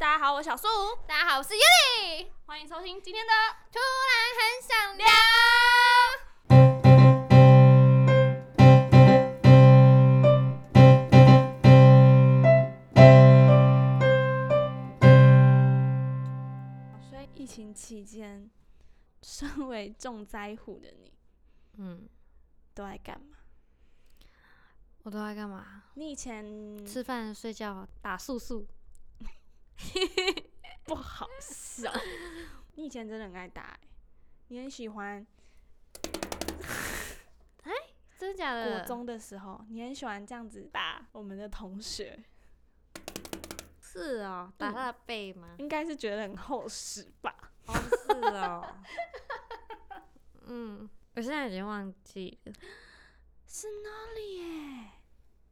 大家好，我小素。大家好，我是尤 i 歡迎收聽今天的《突然很想聊》。所以疫情期間，身為重災戶的你，嗯，都愛幹嘛？我都愛幹嘛？你以前吃飯、睡覺、打素素。 不好笑。你以前真的很愛打，你很喜歡。哎、欸，真的假的？國中的時候，你很喜歡這樣子打我們的同學。是哦，打他的背嗎？嗯、應該是覺得很厚實吧。 哦，是哦。 嗯，我現在已經忘記了。 是哪裡耶？哎，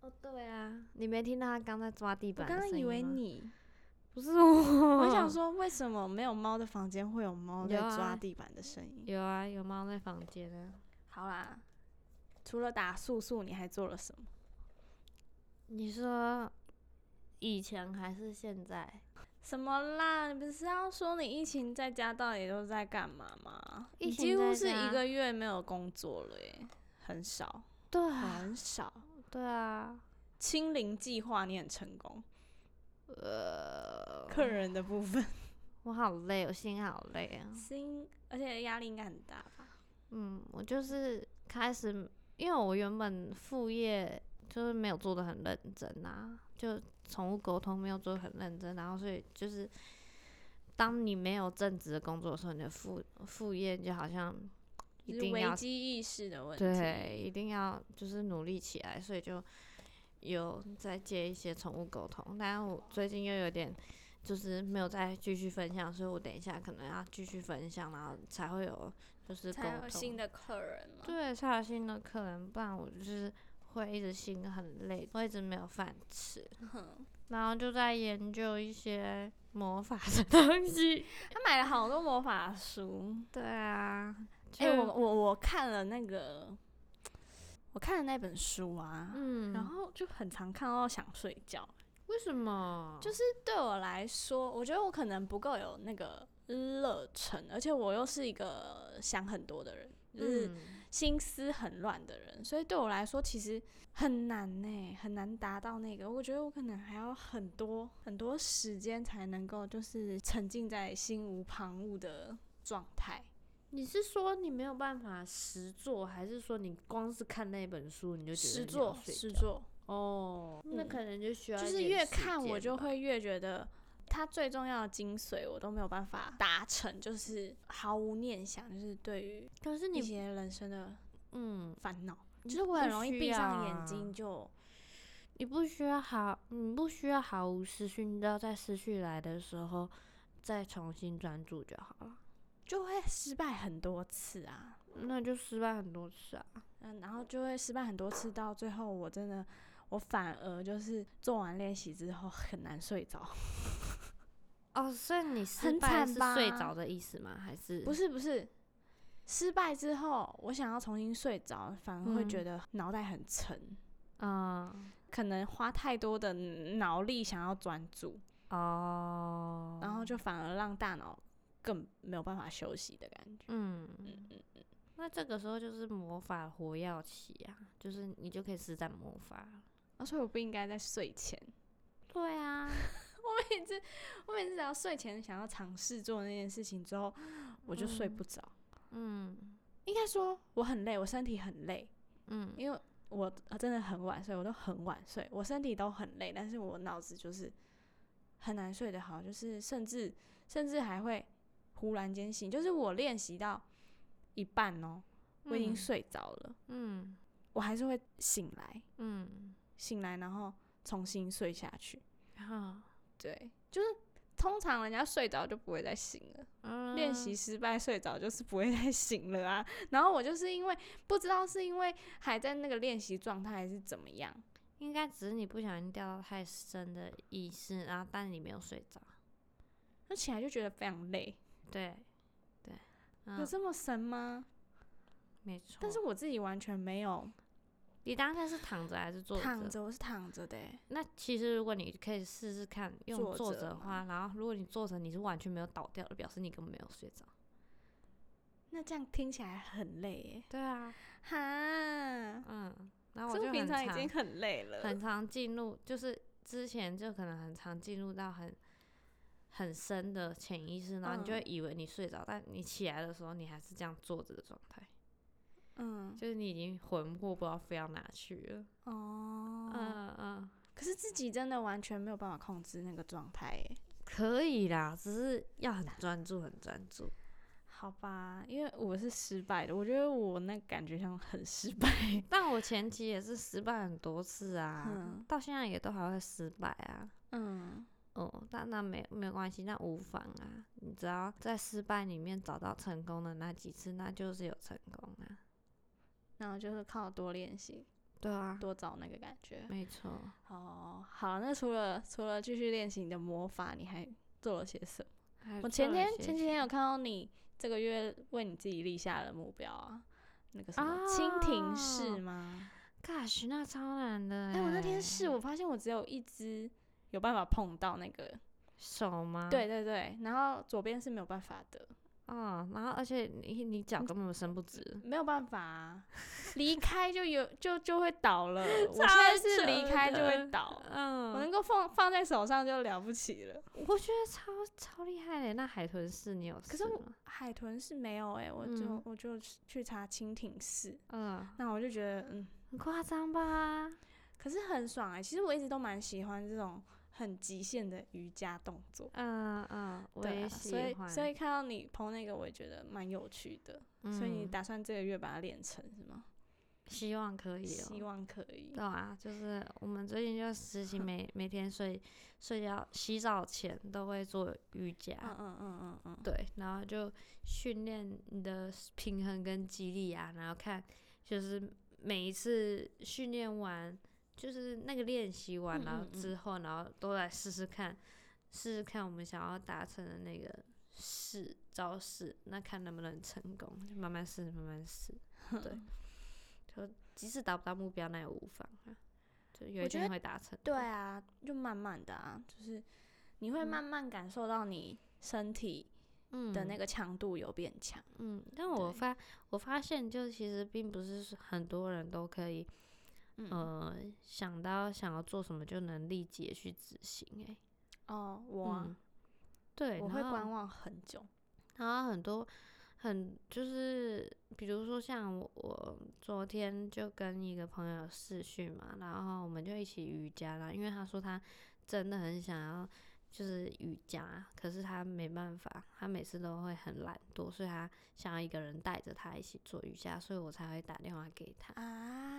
哦，對啊，你沒聽到他剛才抓地板的聲音嗎？我剛剛以為你。不是我，我想說，為什麼沒有貓的房間會有貓在抓地板的聲音？有啊，有啊，有貓在房間啊。好啦，除了打素素，你還做了什麼？你說以前還是現在？什麼啦？你不是要說你疫情在家到底都在幹嘛嗎？你幾乎是一個月沒有工作了耶，很少，對啊，很少，對啊。清零計劃，你很成功。呃，客人的部分，我好累，我心好累啊，心，而且壓力應該很大吧？嗯，我就是開始，因為我原本副業就是沒有做的很認真啊，就寵物溝通沒有做的很認真啊，然後所以就是，當你沒有正職的工作的時候，你的副副業就好像一定要，危機意識的問題，對，一定要就是努力起來，所以就。有在接一些寵物溝通，但是我最近又有點就是沒有再繼續分享，所以我等一下可能要繼續分享，然後才會有就是更新的客人。對，才有新的客人，不然我就是會一直心很累，會一直沒有飯吃，嗯、哼然後就在研究一些魔法的東西。 他買了好多魔法書。 對啊，哎我，欸、我我我看了那個。我看了那本書啊，嗯，然後就很常看到想睡覺，為什麼？就是對我來說，我覺得我可能不夠有那個熱忱，而且我又是一個想很多的人，就是心思很亂的人，嗯、所以對我來說其實很難呢、欸，很難達到那個。我覺得我可能還要很多很多時間才能夠，就是沉浸在心無旁騖的狀態。你是說你沒有辦法實作，還是說你光是看那本書你就覺得實作實作哦？那可能就需要就是越看我就會越覺得它最重要的精髓我都沒有辦法達成，就是毫無念想，就是對於一些人生的嗯煩惱，是就是我很、嗯、很容易閉上眼睛就你不需要好，你不需要毫無思緒，只要在思緒來的時候再重新專注就好了。就會失敗很多次啊，那就失敗很多次啊，嗯，然後就會失敗很多次，到最後我真的，我反而就是做完練習之後很難睡着。 哦，所以你失敗是睡着的意思嗎？還是不是不是，失敗之後我想要重新睡着，反而會覺得腦袋很沉啊，嗯，可能花太多的腦力想要專注哦，然後就反而讓大腦。更沒有辦法休息的感覺。嗯嗯嗯嗯，那這個時候就是魔法活躍期啊，就是你就可以施展魔法、啊。所以我不應該在睡前。對啊， 我每次我每次只要睡前想要嘗試做那件事情之後，嗯、我就睡不着。嗯，應該說我很累，我身體很累。嗯，因為我真的很晚睡，我都很晚睡，我身體都很累，但是我腦子就是很難睡得好，就是甚至甚至還會。忽然間醒，就是我練習到一半哦、喔，嗯、我已經睡着了。嗯，我還是會醒來。嗯，醒來然後重新睡下去。啊、嗯，對，就是通常人家睡着就不會再醒了。嗯，練習失敗睡着就是不會再醒了啊。然後我就是因為不知道是因為還在那個練習狀態還是怎麼樣，應該只是你不小心掉到太深的意識、啊，然後但你沒有睡着，那起來就覺得非常累。對，對，有這麼神嗎？沒錯，但是我自己完全沒有。你當下是躺着還是坐着？躺着，我是躺着的。那其實如果你可以試試看用坐着的話，然後如果你坐着，你是完全沒有倒掉的，表示你根本沒有睡着。那這樣聽起來很累耶。對啊，哈，嗯，然後我就這我平常已經很累了，很常進入，就是之前就可能很常進入到很。很深的潛意識，然後你就會以為你睡着，嗯、但你起來的時候，你還是這樣坐着的狀態。嗯，就是你已經魂魄不知道飛到哪去了。哦，嗯嗯。嗯，可是自己真的完全沒有辦法控制那個狀態。可以啦，只是要很專注，很專注。好吧，因為我是失敗的，我覺得我那感覺像很失敗。但我前期也是失敗很多次啊，嗯、到現在也都還會失敗啊。嗯。哦，那那沒沒有關係，那無妨啊。你只要在失敗裡面找到成功的那幾次，那就是有成功啊。那我就是靠多練習，對啊，多找那個感覺，沒錯。哦，好，那除了除了繼續練習你的魔法，你還做了些什麼？什麼我前天前幾天有看到你這個月為你自己立下的目標啊，哦、那個什麼蜻蜓式嗎？嘎，那超難的、欸。哎、欸，我那天試，我發現我只有一只。有辦法碰到那個手嗎？對對對，然後左邊是沒有辦法的啊，然後而且你你腳根本伸不直，沒有辦法，離開就有就就會倒了。我現在是離開就會倒，嗯，我能夠放放在手上就了不起了。我覺得超超厲害欸。那海豚式你有？可是海豚式沒有哎，我就我就去查蜻蜓式。嗯，那我就覺得嗯很誇張吧，可是很爽哎。其實我一直都蠻喜歡這種。很極限的瑜伽動作，嗯嗯，我也喜歡。所以，所以看到你 PO 那個，我也覺得蠻有趣的。嗯、所以你打算這個月把它練成是嗎？希望，哦、希望可以，希望可以。對啊，就是我們最近就實習，每、嗯、每天睡睡覺、洗澡前都會做瑜伽。嗯嗯嗯嗯嗯。對，然後就訓練你的平衡跟肌力啊，然後看就是每一次訓練完。就是那個練習完了之後，然後都來試試看，試試、嗯嗯嗯、看我們想要達成的那個試招式，那看能不能成功。就慢慢試，慢慢試， 對，就即使達不到目標那也無妨啊。就有一天會達成。對啊，就慢慢的啊，就是你會慢慢感受到你身體嗯的那個強度有變強。嗯，對嗯。但我發我發現，就其實並不是很多人都可以。嗯、呃，想到想要做什麼就能立即去執行誒、欸，哦，我，啊嗯、對，我會觀望很久。然後，然後很多很就是，比如說像我，我昨天就跟一個朋友視訊嘛，然後我們就一起瑜伽啦，因為他說他真的很想要就是瑜伽，可是他沒辦法，他每次都會很懶惰，所以他想要一個人帶着他一起做瑜伽，所以我才會打電話給他，啊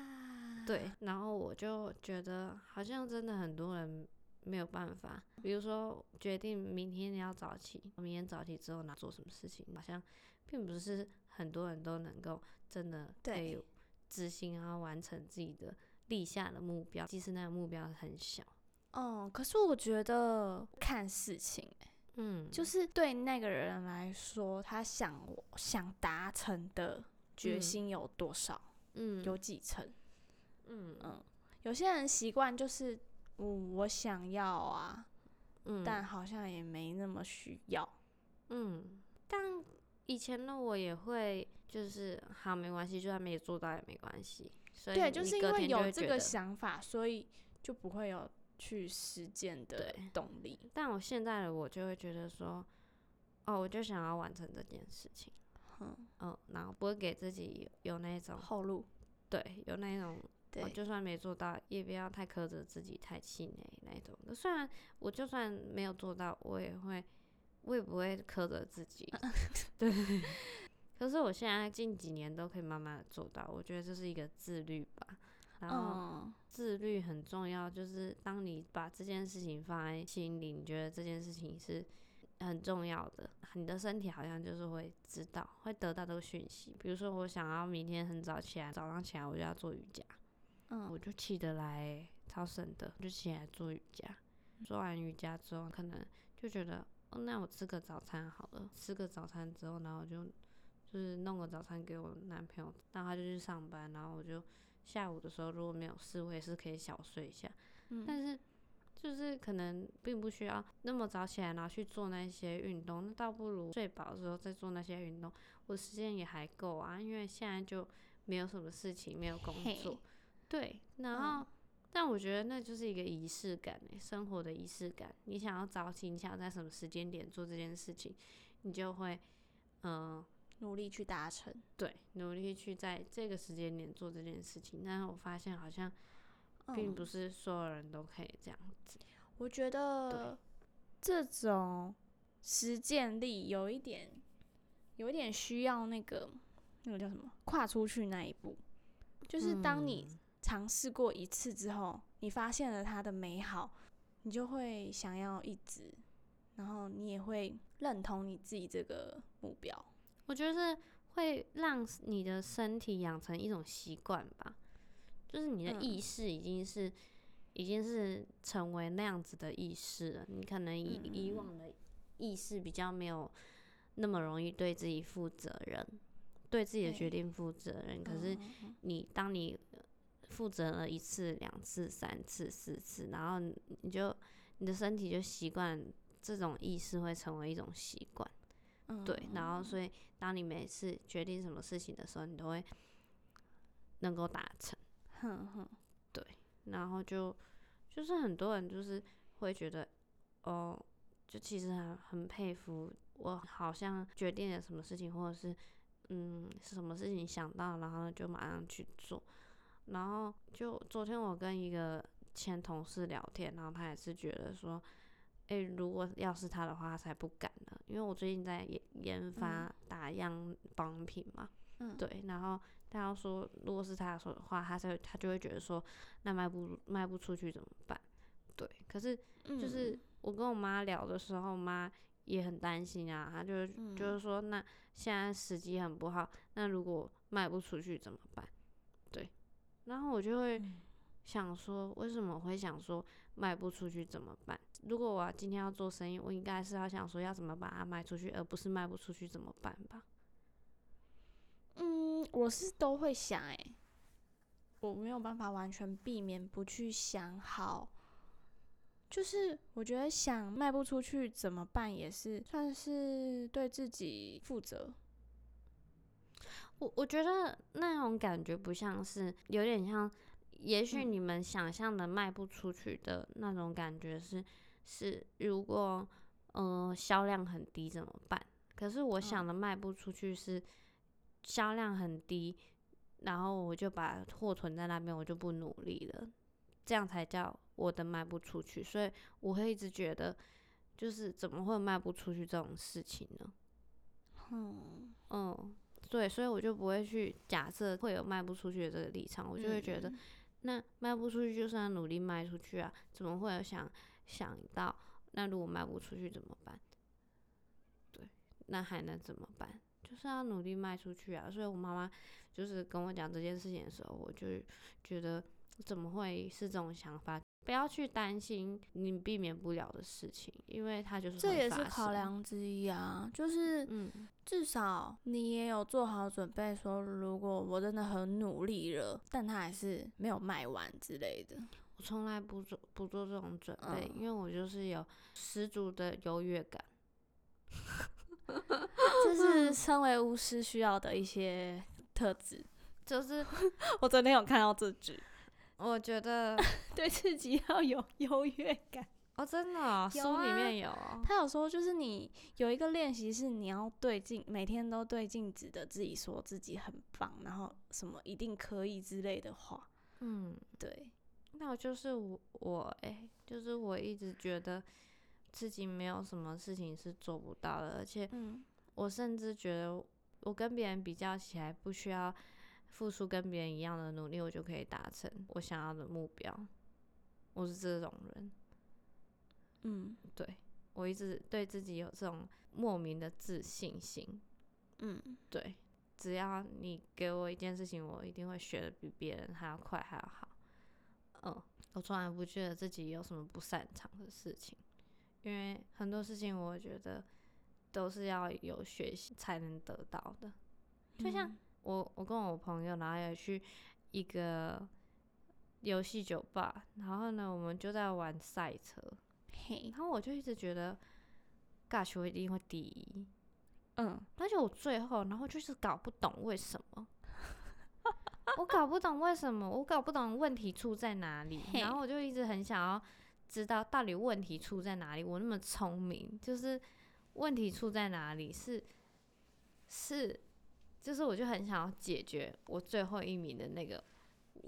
對，然後我就覺得好像真的很多人沒有辦法，比如說決定明天你要早起，明天早起之後呢，做什麼事情，好像並不是很多人都能夠真的可以對執行然後完成自己的立下的目標，即使那個目標很小。哦、嗯，可是我覺得看事情、欸，嗯，就是對那個人來說，他想想達成的決心有多少，嗯，有幾成。嗯嗯。嗯嗯，有些人習慣就是、嗯，我想要啊，嗯，但好像也沒那麼需要，嗯，但以前呢，我也會就是，好沒關係，就算沒有做到也沒關係，對，就是因為有這個想法，所以就不會有去實踐的動力。但我現在的我就會覺得說，哦，我就想要完成這件事情，嗯嗯、哦，然後不會給自己有，有那種後路，對，有那種。對我就算沒做到，也不要太苛責自己，太氣餒那種的。雖然我就算沒有做到，我也會，我也不會苛責自己。 對，可是我現在近幾年都可以慢慢的做到，我覺得這是一個自律吧。然後自律很重要，就是當你把這件事情放在心裡，你覺得這件事情是很重要的，你的身體好像就是會知道，會得到這個訊息。比如說我想要明天很早起來，早上起來我就要做瑜伽。嗯， 我就起得來，超省的，我就起來做瑜伽。嗯、做完瑜伽之後，可能就覺得，哦，那我吃個早餐好了。吃個早餐之後，然後我就就是弄個早餐給我男朋友，讓他就去上班。然後我就下午的時候，如果沒有事，我也是可以小睡一下。嗯、但是就是可能並不需要那麼早起來，然後去做那些運動。那倒不如睡飽之後再做那些運動，我時間也還夠啊。因為現在就沒有什麼事情，沒有工作。對，然後，嗯、但我覺得那就是一個儀式感，欸，生活的儀式感。你想要早起，你想在什麼時間點做這件事情，你就會，嗯、呃，努力去達成。對，努力去在這個時間點做這件事情。但是我發現好像，並不是所有人都可以這樣子。嗯、我覺得對這種實踐力有一點，有一點需要那個，那個叫什麼？跨出去那一步，就是當你，嗯。嘗試過一次之後，你發現了它的美好，你就會想要一直，然後你也會認同你自己這個目標。我覺得是會讓你的身體養成一種習慣吧，就是你的意識已經是、嗯、已經是成為那樣子的意識了。你可能以、嗯、以往的意識比較沒有那麼容易對自己負責任，對自己的決定負責任。欸、可是你當你負責了一次、兩次、三次、四次，然後你就你的身體就習慣這種意識，會成為一種習慣。嗯。對，然後所以當你每次決定什麼事情的時候，你都會能夠達成。哼哼、嗯。嗯、對，然後就就是很多人就是會覺得，哦，就其實很很佩服我，好像決定了什麼事情，或者是嗯是什麼事情想到，然後就馬上去做。然後就昨天我跟一個前同事聊天，然後他也是覺得說，哎、欸，如果要是他的話，他才不敢呢。因為我最近在研研發打樣仿品嘛，嗯、對。然後他要說，如果是他說的話，他才他就會覺得說，那賣不賣不出去怎麼辦？對。可是就是我跟我媽聊的時候，我媽也很擔心啊，她就是就是說，那現在時機很不好，那如果賣不出去怎麼辦？然後我就會想說，為什麼會想說賣不出去怎麼辦？如果我今天要做生意，我應該是要想說要怎麼把它賣出去，而不是賣不出去怎麼辦吧？嗯，我是都會想哎、欸，我沒有辦法完全避免不去想好，就是我覺得想賣不出去怎麼辦也是算是對自己負責。我我覺得那種感覺不像是，有點像，也許你們想象的賣不出去的那種感覺是、嗯、是，如果嗯呃、銷量很低怎麼辦？可是我想的賣不出去是銷量很低，嗯、然後我就把貨囤在那邊，我就不努力了，這樣才叫我的賣不出去。所以我會一直覺得，就是怎麼會賣不出去這種事情呢？嗯嗯。嗯對，所以我就不會去假設會有賣不出去的這個立場，我就會覺得，嗯、那賣不出去就是要努力賣出去啊，怎麼會有想想到那如果賣不出去怎麼辦？對，那還能怎麼辦？就是要努力賣出去啊。所以我媽媽就是跟我講這件事情的時候，我就覺得怎麼會是這種想法？不要去擔心你避免不了的事情，因為它就是會發生。這也是考量之一啊。就是，嗯，至少你也有做好準備，說如果我真的很努力了，但他還是沒有賣完之類的。我從來不做不做這種準備，因為我就是有十足的優越感，就是身為巫師需要的一些特質，就是我昨天有看到這句。我覺得 對自己要有優越感哦，真的、哦啊、書裡面有他、哦，有說，就是你有一個練習是你要對鏡，每天都對鏡子的自己說自己很棒，然後什麼一定可以之類的話。嗯，對。那我就是我，我、誒、欸，就是我一直覺得自己沒有什麼事情是做不到的，而且，我甚至覺得我跟別人比較起來不需要。付出跟別人一樣的努力，我就可以達成我想要的目標。我是這種人，嗯，對，我一直對自己有這種莫名的自信心，嗯，對，只要你給我一件事情，我一定會學的比別人還要快還要好。嗯，我從來不覺得自己有什麼不擅長的事情，因為很多事情我覺得都是要有學習才能得到的，嗯、就像。我我跟我朋友，然後也去一個遊戲酒吧，然後呢，我們就在玩賽車，Hey. 然後我就一直覺得 Gosh, 一定會第一，嗯，但是我最後，然後就是搞不懂為什麼， 我搞不懂為什麼，我搞不懂問題出在哪裡，Hey. 然後我就一直很想要知道到底問題出在哪裡，我那麼聰明，就是問題出在哪裡是是。就是我就很想要解決我最後一名的那個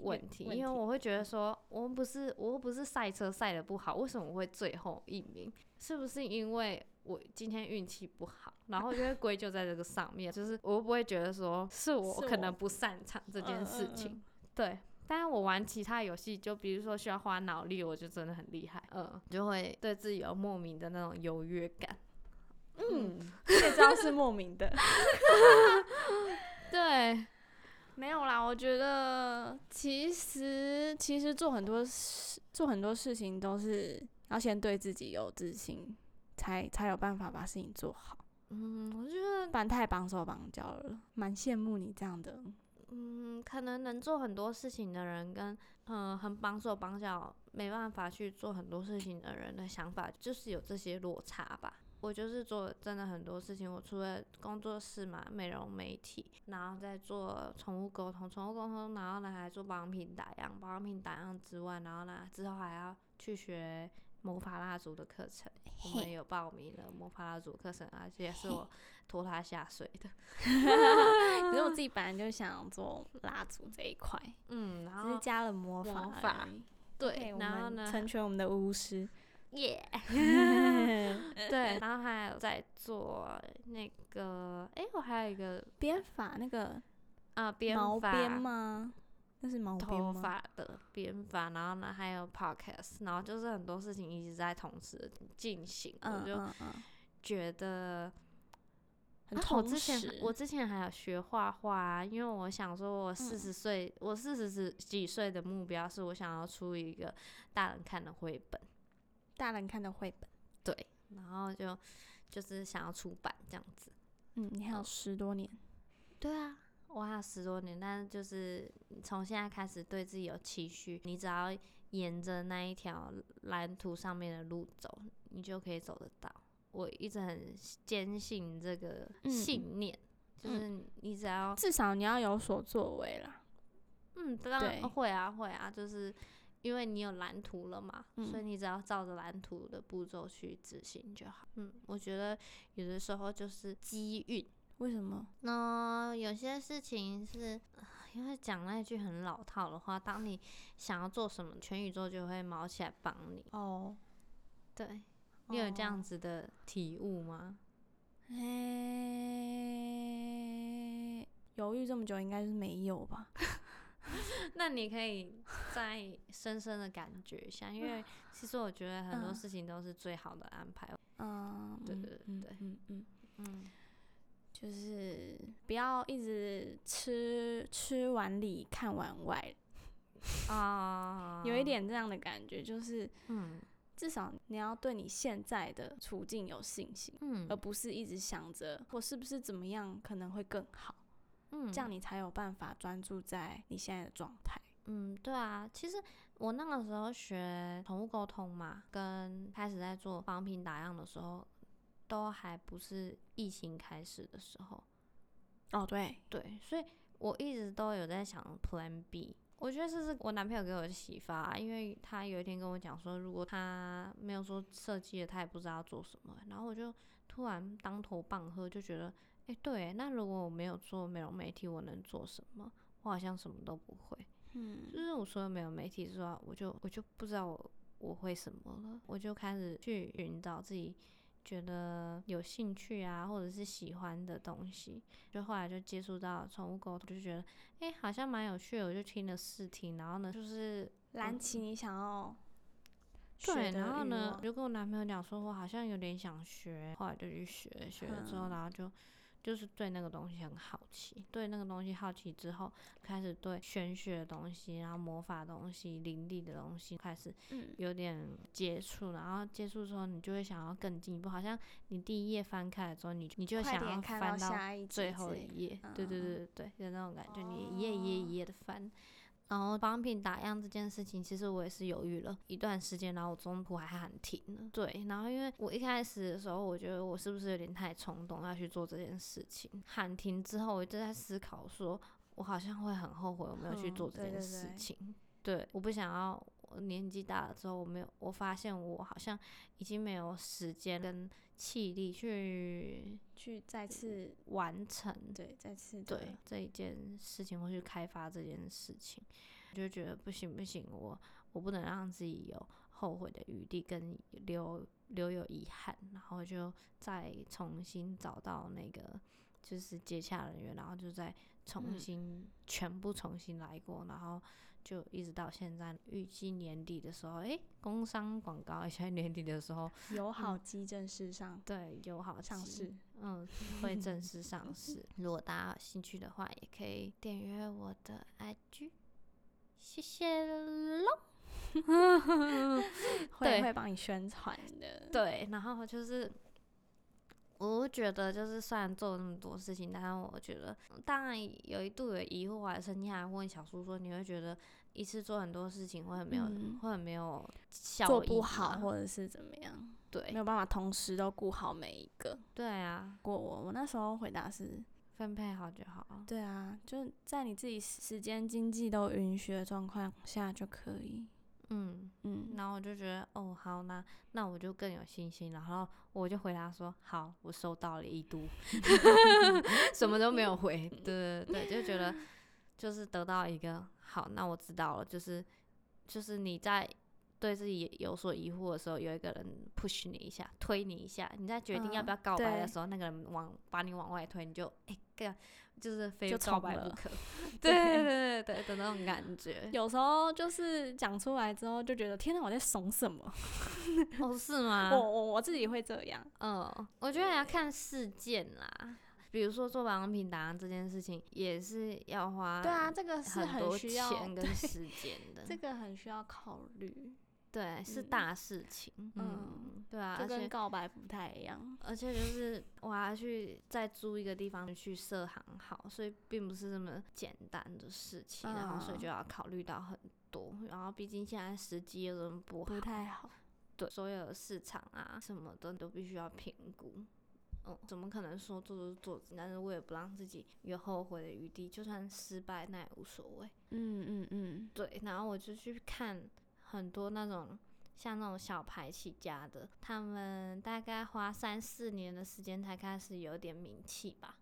問題，問題，因為我會覺得說，我們不是，我又不是賽車賽得不好，為什麼我會最後一名？是不是因為我今天運氣不好？ 然後就會歸咎在這個上面，就是我又不會覺得說，是我可能不擅長這件事情？嗯嗯嗯、對，但是我玩其他遊戲，就比如說需要花腦力，我就真的很厲害，嗯，就會對自己有莫名的那種優越感。嗯， 這妝是莫名的。對，沒有啦。我覺得其實其實做很多事做很多事情都是要先對自己有自信，才才有辦法把事情做好。嗯，我覺得不然太綁手綁腳了，蠻羨慕你這樣的。嗯，可能能做很多事情的人跟，跟嗯很綁手綁腳沒辦法去做很多事情的人的想法，就是有這些落差吧。我就是做真的很多事情，我除了工作室嘛，美容媒體，然後再做寵物溝通，寵物溝通，然後呢，還做保養品打樣，保養品打樣之外，然後呢，之後還要去學魔法蠟燭的課程，我們有報名了魔法蠟燭的課程而、啊、嘿也是我拖他下水的， 可是我自己本來就想做蠟燭這一塊，嗯，然後只是加了魔法魔法，對，Okay, 然後呢，成全我們的巫師。耶！Yeah. 對，然後還有在做那個，哎、欸，我還有一個編髮那個啊，編毛編嗎？那是毛髮的編髮。然後呢，還有 podcast，然後就是很多事情一直在同時進行，嗯、我就覺得很同時。我之前還有學畫畫、啊，因為我想說我40，嗯、我四十歲，我四十幾歲的目標是我想要出一個大人看的繪本。大人看的繪本，對，然後就就是想要出版這樣子。嗯，你還有十多年。然後，對啊，我還有十多年，但是就是從現在開始對自己有期許，你只要沿着那一條藍圖上面的路走，你就可以走得到。我一直很堅信這個信念，嗯、就是你只要、嗯、至少你要有所作為啦。嗯，當然，對，會啊會啊，就是。因為你有藍圖了嘛，嗯、所以你只要照着藍圖的步驟去執行就好。嗯，我覺得有的時候就是機遇。為什麼？那、呃、有些事情是，呃、因為講那一句很老套的話，當你想要做什麼，全宇宙就會毛起來幫你。哦，對，你有這樣子的體悟嗎？誒、哦，欸、猶豫這麼久，應該是沒有吧。 那你可以再深深的感覺一下， 因為其實我覺得很多事情都是最好的安排。嗯，對對對，嗯對嗯嗯，嗯就是不要一直吃吃碗裡看碗外啊， uh, 有一點這樣的感覺，就是嗯，至少你要對你現在的處境有信心，嗯，而不是一直想着我是不是怎麼樣可能會更好。嗯，這樣你才有辦法專注在你現在的狀態。嗯，對啊，其實我那個時候學寵物溝通嘛，跟開始在做方品打樣的時候，都還不是疫情開始的時候。哦，對，對，所以我一直都有在想 Plan B。我覺得這是我男朋友給我的啟發啊，因為他有一天跟我講說，如果他沒有說設計的，他也不知道做什麼。然後我就突然當頭棒喝，就覺得。哎，對，那如果我沒有做美容美體，我能做什麼？我好像什麼都不會。嗯，就是我說了美容美體之後，我就我就不知道我我會什麼了。我就開始去尋找自己覺得有興趣啊，或者是喜歡的東西。就後來就接觸到寵物溝通，就覺得誒，好像蠻有趣的。我就聽了試聽，然後呢，就是藍起情、嗯、你想要？對，然後呢，就跟我男朋友講說，我好像有點想學。後來就去學，學了之後，然後就。嗯就是對那個東西很好奇，對那個東西好奇之後，開始對玄學的東西，然後魔法的東西、靈力的東西開始有點接觸了。嗯、然後接觸之後，你就會想要更進一步。好像你第一頁翻開的時候，你你就想要翻到最後一頁。對對對對對，就那種感覺，你一頁一頁一頁的翻。哦。然後幫品打樣這件事情，其實我也是猶豫了一段時間，然後我中途還喊停了。對，然後因為我一開始的時候，我覺得我是不是有點太衝動要去做這件事情？喊停之後，我就在思考說，說我好像會很後悔我沒有去做這件事情。嗯、對，對，對，對，我不想要我年紀大了之後，我沒有，我發現我好像已經沒有時間跟。氣力去去再次完成，對，再次對，對這一件事情，或去開發這件事情，就覺得不行不行，我我不能讓自己有後悔的餘地跟，跟留留有遺憾，然後就再重新找到那個就是接洽人員，然後就再重新、嗯、全部重新來過，然後。就一直到現在，預計年底的時候，哎、欸，工商廣告，現在年底的時候，友好基正式上，嗯、對，友好上市，嗯，會正式上市。 如果大家有興趣的話，也可以訂閱我的 IG，謝謝咯，會會幫你宣傳的，對，然後就是。 我覺得就是雖然做了那麼多事情，但是我覺得、嗯、當然有一度有疑惑，還是你還問小粟說：“你會覺得一次做很多事情會沒有，嗯、會沒有效，做不好或者是怎麼樣？”對，沒有辦法同時都顧好每一個。對啊，過我我那時候回答是分配好就好。對啊，就在你自己時間、經濟都允許的狀況下就可以。嗯嗯，嗯、然後我就覺得，哦，好，那那我就更有信心了。然後我就回答說，好，我收到了一度 什麼都沒有回。 對對對，就覺得就是得到一個好，那我知道了。就是就是你在對自己有所疑惑的時候，有一個人 push 你一下，推你一下。你在決定要不要告白的時候，呃、那個人往把你往外推，你就誒。欸對啊，就是非告白不可， 對對對對 對，對，對的那種感覺。有時候就是講出來之後，就覺得天哪、啊，我在慫什麼？ 哦，是嗎？我我我自己會這樣。嗯、哦，我覺得也要看事件啦。對比如說做保養品達人這件事情，也是要花對啊，這個是很需要錢跟時間的對，這個很需要考慮。對，是大事情，嗯，嗯，嗯，對啊，就跟告白不太一樣，而，而且就是我要去再租一個地方去設行號， 所以並不是這麼簡單的事情，嗯、然後所以就要考慮到很多，然後畢竟現在時機也這麼不好，不太好，對，所有的市場啊什麼的都必須要評估，嗯，怎麼可能說做就做？但是我也不讓自己有後悔的餘地，就算失敗那也無所謂，嗯，嗯嗯嗯，對，然後我就去看。很多那種像那種小牌起家的，他們大概花三四年的時間才開始有點名氣吧。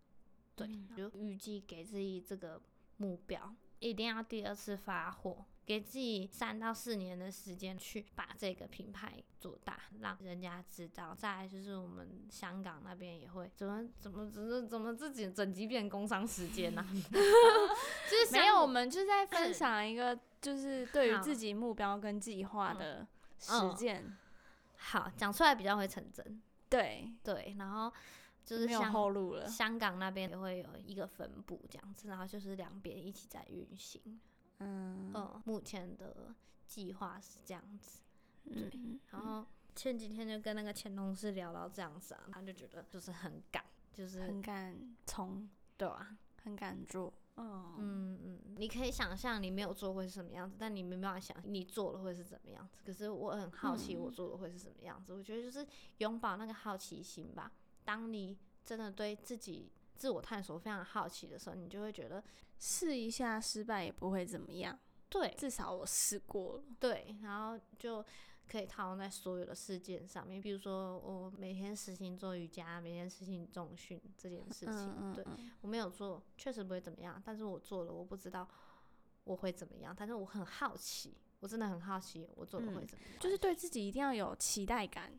對，嗯、就預計給自己這個目標，一定要第二次發貨。給自己三到四年的時間去把這個品牌做大，讓人家知道。再來就是我們香港那邊也會怎麼怎麼怎麼怎麼自己整集變工商時間呢？啊？ 就是想沒有，我們就在分享一個就是對於自己目標跟計劃的實踐。好，講，嗯嗯、出來比較會成真。對對，然後就是像後路了，香港那邊也會有一個分布這樣子，然後就是兩邊一起在運行。嗯，哦，目前的計劃是這樣子，嗯、對。然後前幾天就跟那個前同事聊到這樣子啊，他就覺得就是很敢，就是很敢衝，對吧、啊？很敢做，哦、嗯嗯，你可以想象你沒有做會是什麼樣子，但你沒辦法想你做了會是怎麼樣子。可是我很好奇我做了會是什麼樣子，嗯、我覺得就是擁抱那個好奇心吧。當你真的對自己。自我探索我非常好奇的時候，你就會覺得試一下失敗也不會怎麼樣。對，至少我試過了。對，然後就可以套用在所有的事件上面。比如說，我每天實行做瑜伽，每天實行重訓這件事情，嗯嗯嗯對，我沒有做，確實不會怎麼樣。但是我做了，我不知道我會怎麼樣，但是我很好奇，我真的很好奇，我做了會怎麼樣、嗯。就是對自己一定要有期待感，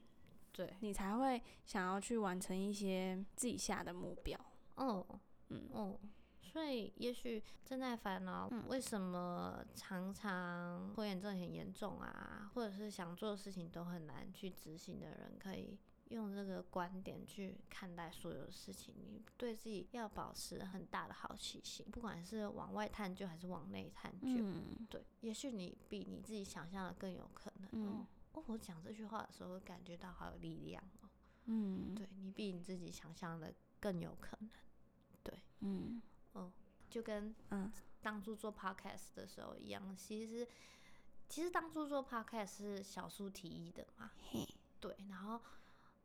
對你才會想要去完成一些自己下的目標。哦，oh, 嗯哦，oh. 所以也許正在煩惱，嗯、為什麼常常拖延症很嚴重啊，或者是想做的事情都很難去執行的人，可以用這個觀點去看待所有的事情。你對自己要保持很大的好奇心，不管是往外探究還是往內探究，嗯、對，也許你比你自己想象的更有可能。哦、嗯，嗯、我講這句話的時候，感覺到好有力量哦、喔。嗯，對，你比你自己想象的更有可能。嗯哦，oh, 就跟嗯當初做 podcast 的時候一樣，嗯、其實其實當初做 podcast 是小粟提議的嘛，嘿對，然後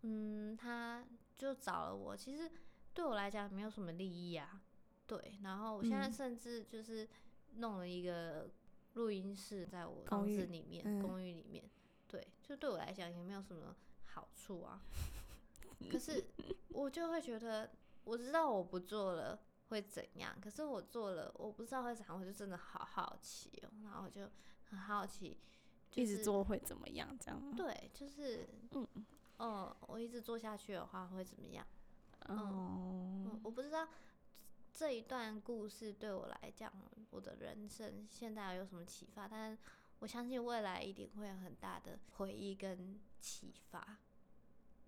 嗯，他就找了我，其實對我來講沒有什麼利益啊，對，然後我現在甚至就是弄了一個錄音室在我公寓裡面，公寓裡面，嗯、對，就對我來講也沒有什麼好處啊，嗯、可是我就會覺得。我知道我不做了會怎樣，可是我做了，我不知道會怎樣，我就真的好好奇哦、喔，然後我就很好奇、就是，一直做會怎麼樣這樣？對，就是，嗯，哦、嗯，我一直做下去的話會怎麼樣？Oh. 嗯，我，我不知道這一段故事對我來講，我的人生現在有什麼啟發，但是我相信未來一定會有很大的回憶跟啟發。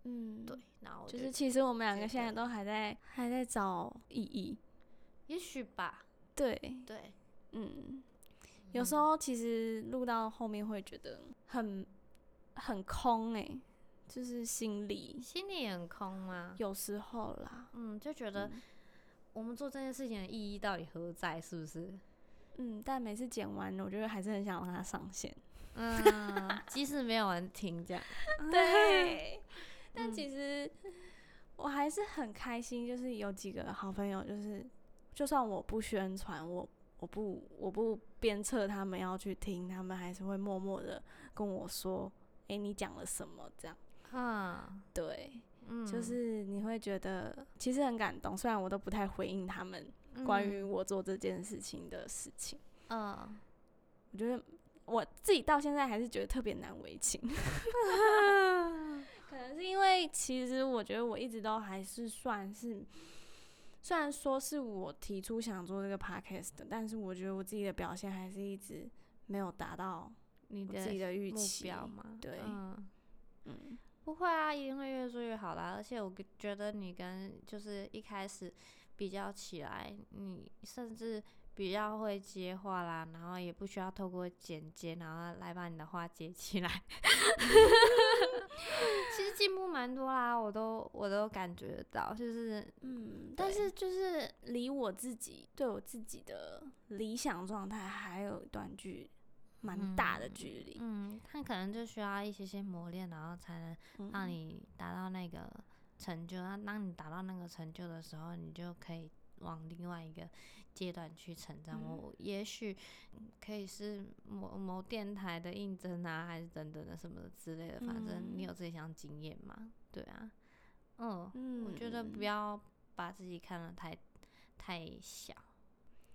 嗯，對，然後就是其實我們兩個現在都還在還在找意義，也許吧。對對，嗯，有時候其實錄到後面會覺得很很空哎，就是心裡心裡很空嗎？有時候啦，嗯，就覺得我們做這件事情的意義到底何在？是不是？嗯，但每次剪完，我覺得還是很想讓它上線，嗯，即使沒有人聽，這樣對。嗯、但其實我還是很開心，就是有幾個好朋友，就是就算我不宣傳，我我不我不鞭策他們要去聽，他們還是會默默的跟我說：“哎、欸，你講了什麼？”這樣。哈對，嗯、就是你會覺得其實很感動，雖然我都不太回應他們關於我做這件事情的事情。嗯，我覺得我自己到現在還是覺得特別難為情。嗯 可能是因為，其實我覺得我一直都還是算是，雖然說是我提出想做這個 podcast 的，但是我覺得我自己的表現還是一直沒有達到你的對自己的預期嘛。對，嗯，嗯不會啊，一定會越做越好啦，而且我覺得你跟就是一開始比較起來，你甚至比較會接話啦，然後也不需要透過剪接，然後來把你的話接起來。 其實進步蠻多啦，我都我都感覺得到，就是嗯，但是就是離我自己對我自己的理想狀態還有一段距，嗯、蠻大的距離。嗯，他可能就需要一些些磨練，然後才能讓你達到那個成就。那、嗯嗯、當你達到那個成就的時候，你就可以往另外一個。階段去成長，我也許可以是某某電台的應徵啊，還是等等的什麼之類的。反正你有這項經驗嘛？對啊，嗯，我覺得不要把自己看得太太小。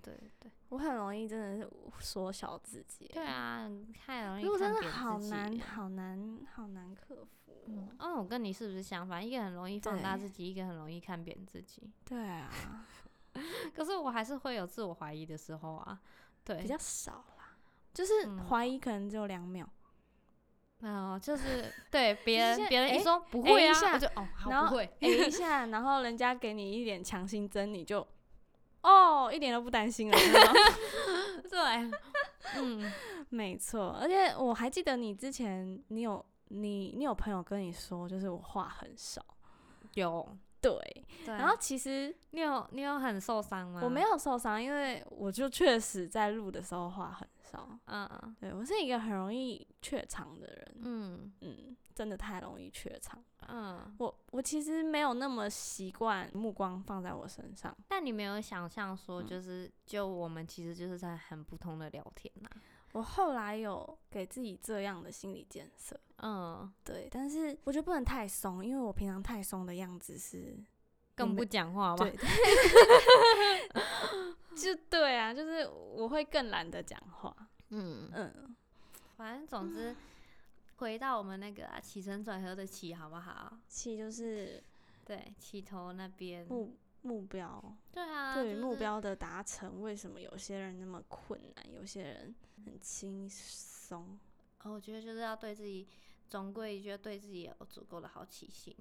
對對，我很容易真的是縮小自己。對啊，太容易看扁自己。如果真的好難，好難，好難克服。嗯，我、oh, 跟你是不是相反？一個很容易放大自己，對一個很容易看扁自己。對啊。 可是我還是會有自我懷疑的時候啊，對，比較少啦。就是懷疑可能只有兩秒，哦就是對別人，別人一說不會啊，然後一下，然後人家給你一點強心針，你就哦，一點都不擔心了，對，嗯，沒錯，而且我還記得你之前你有你你有朋友跟你說，就是我話很少，有。對，對啊、然後其實你有你有很受傷嗎？我沒有受傷，因為我就確實在錄的時候話很少。嗯嗯，對，我是一個很容易怯場的人。嗯嗯，真的太容易怯場。嗯，我我其實沒有那麼習慣目光放在我身上。但你沒有想象說，就是、嗯、就我們其實就是在很普通的聊天啊。我後來有給自己這樣的心理建設，嗯，對，但是我覺得不能太鬆，因為我平常太鬆的樣子是更不講話吧，就對啊，就是我會更懶得講話，嗯嗯，嗯、反正總之、嗯、回到我們那個、啊、起承轉合的起好不好？起就是，對，起頭那邊。哦。目標對啊，對於目標的達成，就是、為什麼有些人那麼困難，有些人很輕鬆？哦，我覺得就是要對自己，總歸覺得對自己有足夠的好奇心，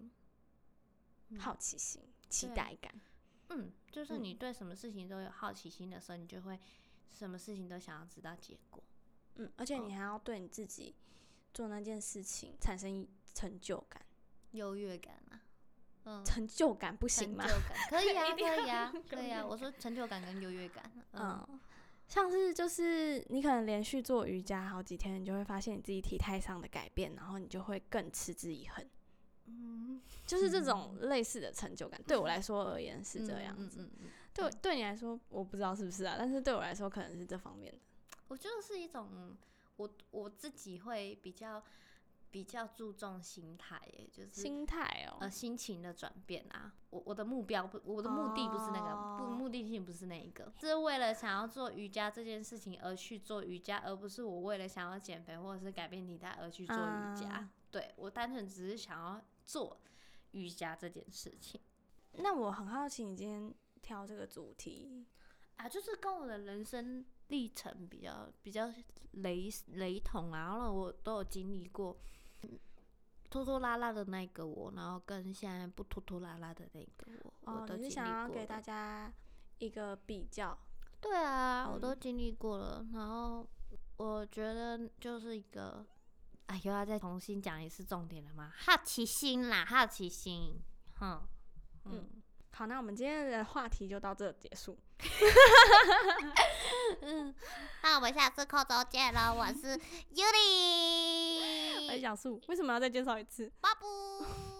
好奇心、嗯、期待感，嗯，就是你對什麼事情都有好奇心的時候，嗯、你就會什麼事情都想要知道結果。嗯，而且你還要對你自己做那件事情產生成就感、哦、優越感啊。成就感不行嗎？可以啊 可以啊？可以啊，可以啊，對啊，我說成就感跟優越感，嗯，嗯，像是就是你可能連續做瑜伽好幾天，你就會發現你自己體態上的改變，然後你就會更持之以恆。嗯，就是這種類似的成就感，嗯、對我來說而言是這樣子。嗯嗯嗯。嗯嗯，對，對你來說我不知道是不是啊，嗯、但是對我來說可能是這方面的。我覺得是一種我我自己會比較。比較注重心態、欸，也就是心態哦，呃，心情的轉變啊。我我的目標不，我的目的不是那個，哦、不，目的性不是那個，就是為了想要做瑜伽這件事情而去做瑜伽，而不是我為了想要減肥或者是改變體態而去做瑜伽。啊、對我單純只是想要做瑜伽這件事情。那我很好奇，你今天挑這個主題、嗯、啊，就是跟我的人生歷程比較比較雷雷同啊，然後我都有經歷過。拖拖拉拉的那個我，然後跟現在不拖拖拉拉的那個我，哦、我都你想要給大家一個比較？對啊，嗯、我都經歷過了。然後我覺得就是一個，哎，又要再重新講一次重點了嗎？好奇心啦，好奇心，哼，嗯。嗯好，那我們今天的話題就到這結束。 嗯，那我們下次課中見嘍！我是 Yuli， 我還想說，為什麼要再介紹一次？布